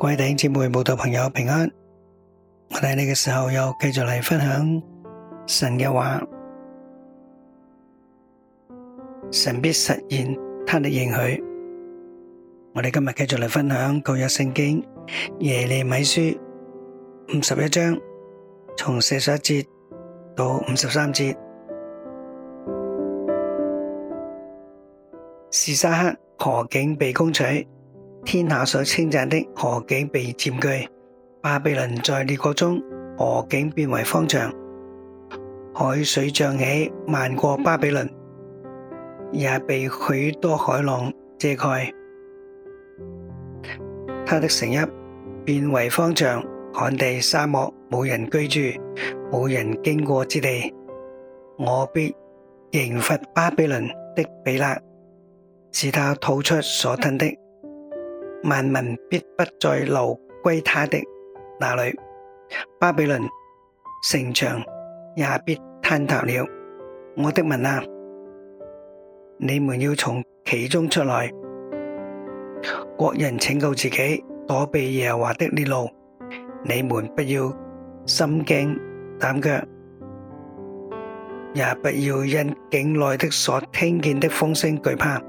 各位弟兄姐妹、信徒朋友平安，我睇你嘅時候又繼續嚟分享神嘅話，神必實現他嘅應許。我哋今日繼續嚟分享舊約聖經耶利米書五十一章，從四十一節到五十三節，示沙克何竟被攻取。天下所稱讚的河景被佔據，巴比倫在列國中，河景變為方丈，海水漲起漫過巴比倫，也被許多海浪遮蓋，他的城邑變為方丈，旱地沙漠，冇人居住，冇人經過之地。我必刑罰巴比倫的彼勒，是他吐出所吞的。萬民必不再流歸他的那裏，巴比倫城牆也必坍塌了。我的民啊，你們要從其中出來，國人拯救自己，躲避耶和華的烈怒，你們不要心驚膽怯，也不要因境內的所聽見的風聲懼怕，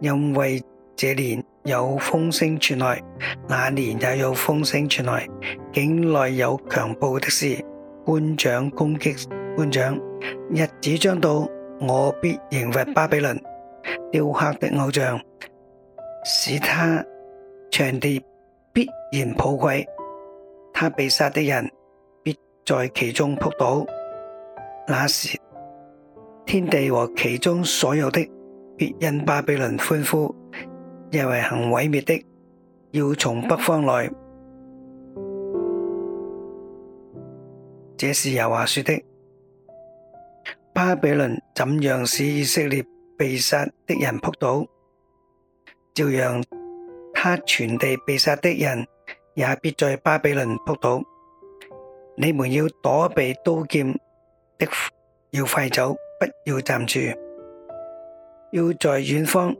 因為這年。有風聲傳來，那年也有風聲傳來，境內有強暴的事，官長攻擊官長，日子將到，我必刑罰巴比倫，雕刻的偶像，使他全地必然抱愧。他被殺的人必在其中撲倒，那時天地和其中所有的必因巴比倫歡呼。因為行毀滅的，要從北方來。這是有話說的。巴比倫怎樣使以色列被殺的人撲倒，照樣他全地被殺的人也必在巴比倫撲倒。你們要躲避刀劍的，要快走，不要站住，要在遠方。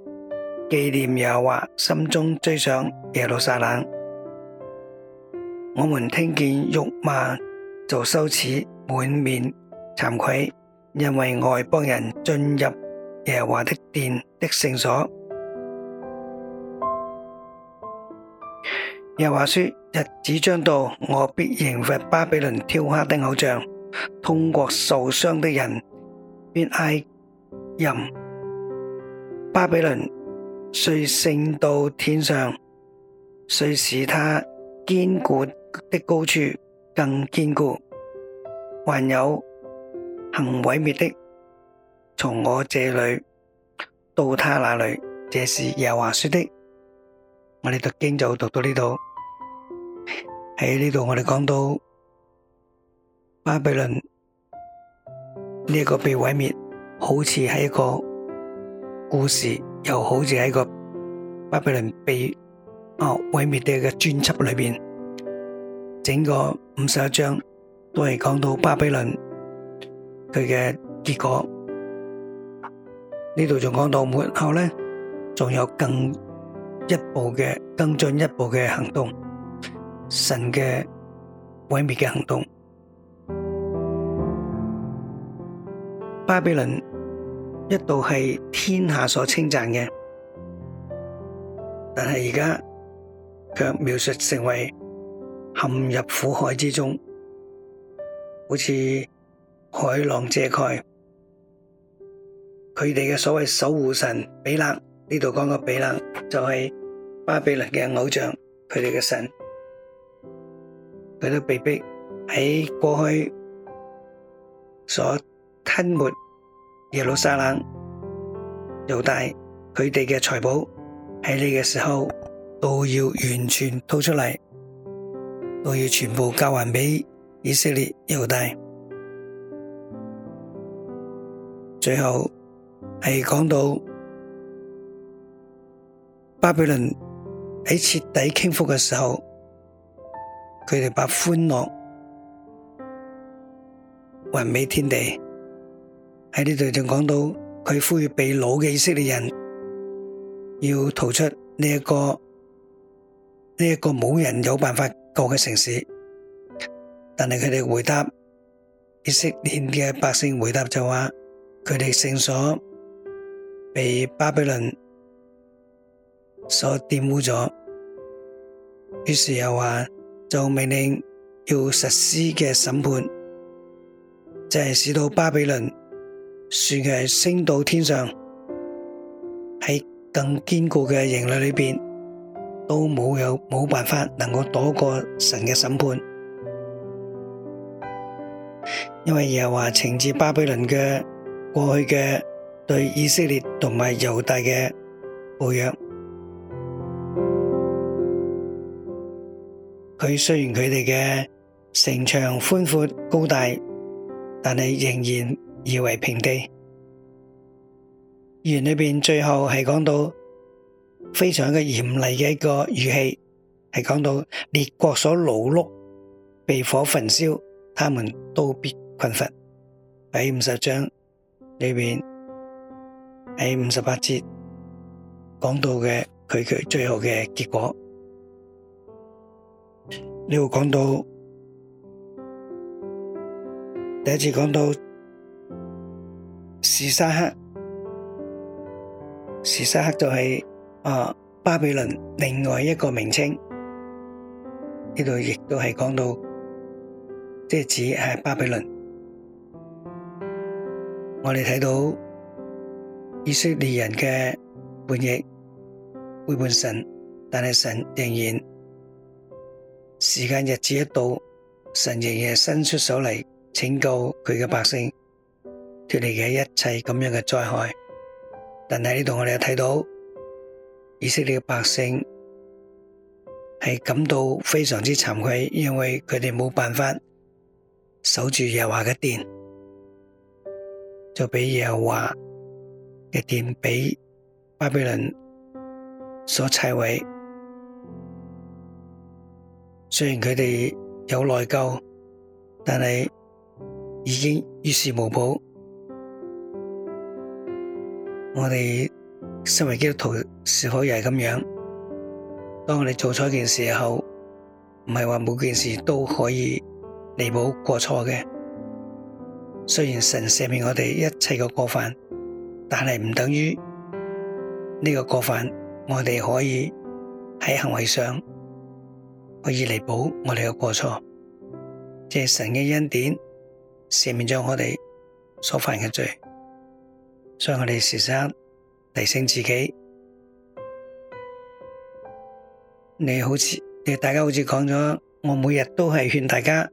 紀念耶和華，心中追想耶路撒冷。我們聽見辱罵就羞恥，滿面慚愧，因為外邦人進入耶和華的殿的聖所。耶和華說：日子將到，我必刑罰巴比倫雕刻的偶像，通過受傷的人變哀吟。巴比倫。雖升到天上，雖使他堅固的高處更堅固。還有行毀滅的，從我這裏到他那裏，這是耶和華說的。我哋讀經就讀到呢度，喺呢度我哋講到巴比倫呢一個被毀滅，好似係一個故事。又好似喺個巴比倫被啊毀滅嘅嘅專輯裏面，整個五十一章都係講到巴比倫佢嘅結果。呢度仲講到末後呢，仲有更一步嘅更進一步嘅行動，神嘅毀滅嘅行動，巴比倫。一度係天下所稱讚嘅，但係而家卻描述成為陷入苦海之中，好似海浪遮蓋佢哋嘅所謂守護神比勒，呢度講嘅比勒，就係巴比倫嘅偶像，佢哋嘅神，佢都被迫喺過去所吞沒。耶路撒冷猶大佢哋嘅財寶喺呢個時候都要完全吐出嚟，都要全部交還俾以色列猶大。最後係講到巴比倫喺徹底傾覆嘅時候，佢哋把歡樂還俾天地。喺呢度仲講到佢呼籲被擄嘅以色列人要逃出呢一個呢一個冇人有辦法救嘅城市，但係佢哋回答，以色列嘅百姓回答就話佢哋聖所被巴比倫所玷污咗，於是又話就命令要實施嘅審判，即係使到巴比倫。算係升到天上，喺更堅固嘅營壘裏邊，都冇有冇辦法能夠躲過神嘅審判，因為耶和華懲治巴比倫嘅過去嘅對以色列同埋猶大嘅暴虐，佢雖然佢哋嘅城牆寬闊高大，但係仍然。夷為平地。語言裏面最後係講到非常嘅嚴厲嘅一個語氣，係講到列國所勞碌被火焚燒，他們都必困乏。喺五十章裏面，喺五十八節講到嘅佢嘅最後嘅結果，呢度講到他他第，第一次講到。士沙克，士沙克就係、是、啊，巴比倫另外一個名稱，呢度亦都係講到，即係指係巴比倫。我哋睇到以色列人嘅叛逆背叛神，但係神仍然，時間日子一到，神仍然伸出手嚟拯救佢嘅百姓。佢哋嘅一切咁樣嘅災害，但係呢度我哋睇到以色列百姓係感到非常之慚愧，因為佢哋冇辦法守住耶和華嘅殿，就俾耶和華嘅殿俾巴比倫所拆毀。雖然佢哋有內疚，但係已經於事無補。我哋身為基督徒，是否又係咁樣？當我哋做錯一件事嘅時候，唔係話每件事都可以彌補過錯嘅。雖然神赦免我哋一切嘅過犯，但係唔等於呢個過犯，我哋可以喺行為上可以彌補我哋嘅過錯。借神嘅恩典赦免咗我哋所犯嘅罪。所以我哋時時提醒自己，你好似你大家好似講咗，我每日都係勸大家，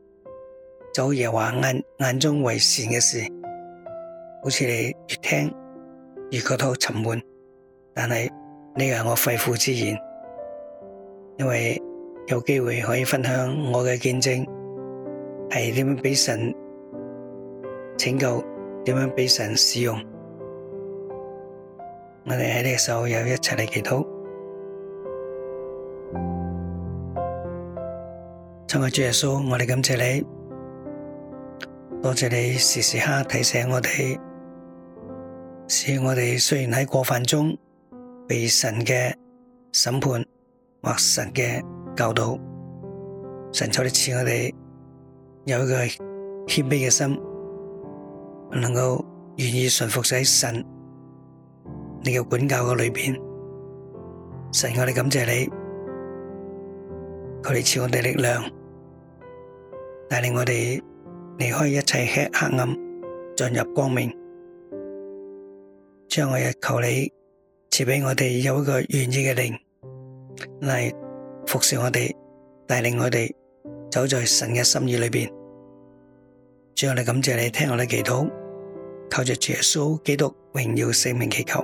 早夜話眼眼中為善嘅事，好似你越聽越覺得好沉悶，但係呢個係我肺腑之言，因為有機會可以分享我嘅見證，係點樣俾神拯救，點樣俾神使用。我哋喺呢個時候，又一齊嚟祈禱。親愛主耶穌，我哋感謝你，多謝你時時刻提醒我哋，使我哋雖然喺過犯中，被神嘅審判或神嘅教導，神求你賜我哋有一個謙卑嘅心，能夠願意順服住喺神。你嘅管教嘅裏邊，神，我哋感謝你，求你賜我哋力量，帶領我哋離開一切黑黑暗，進入光明。將我哋求你賜俾我哋有一個願意嘅靈嚟服事我哋，帶領我哋走在神嘅心意裏邊。最後，我哋感謝你聽我哋祈禱，靠着主耶穌基督榮耀聖名祈求。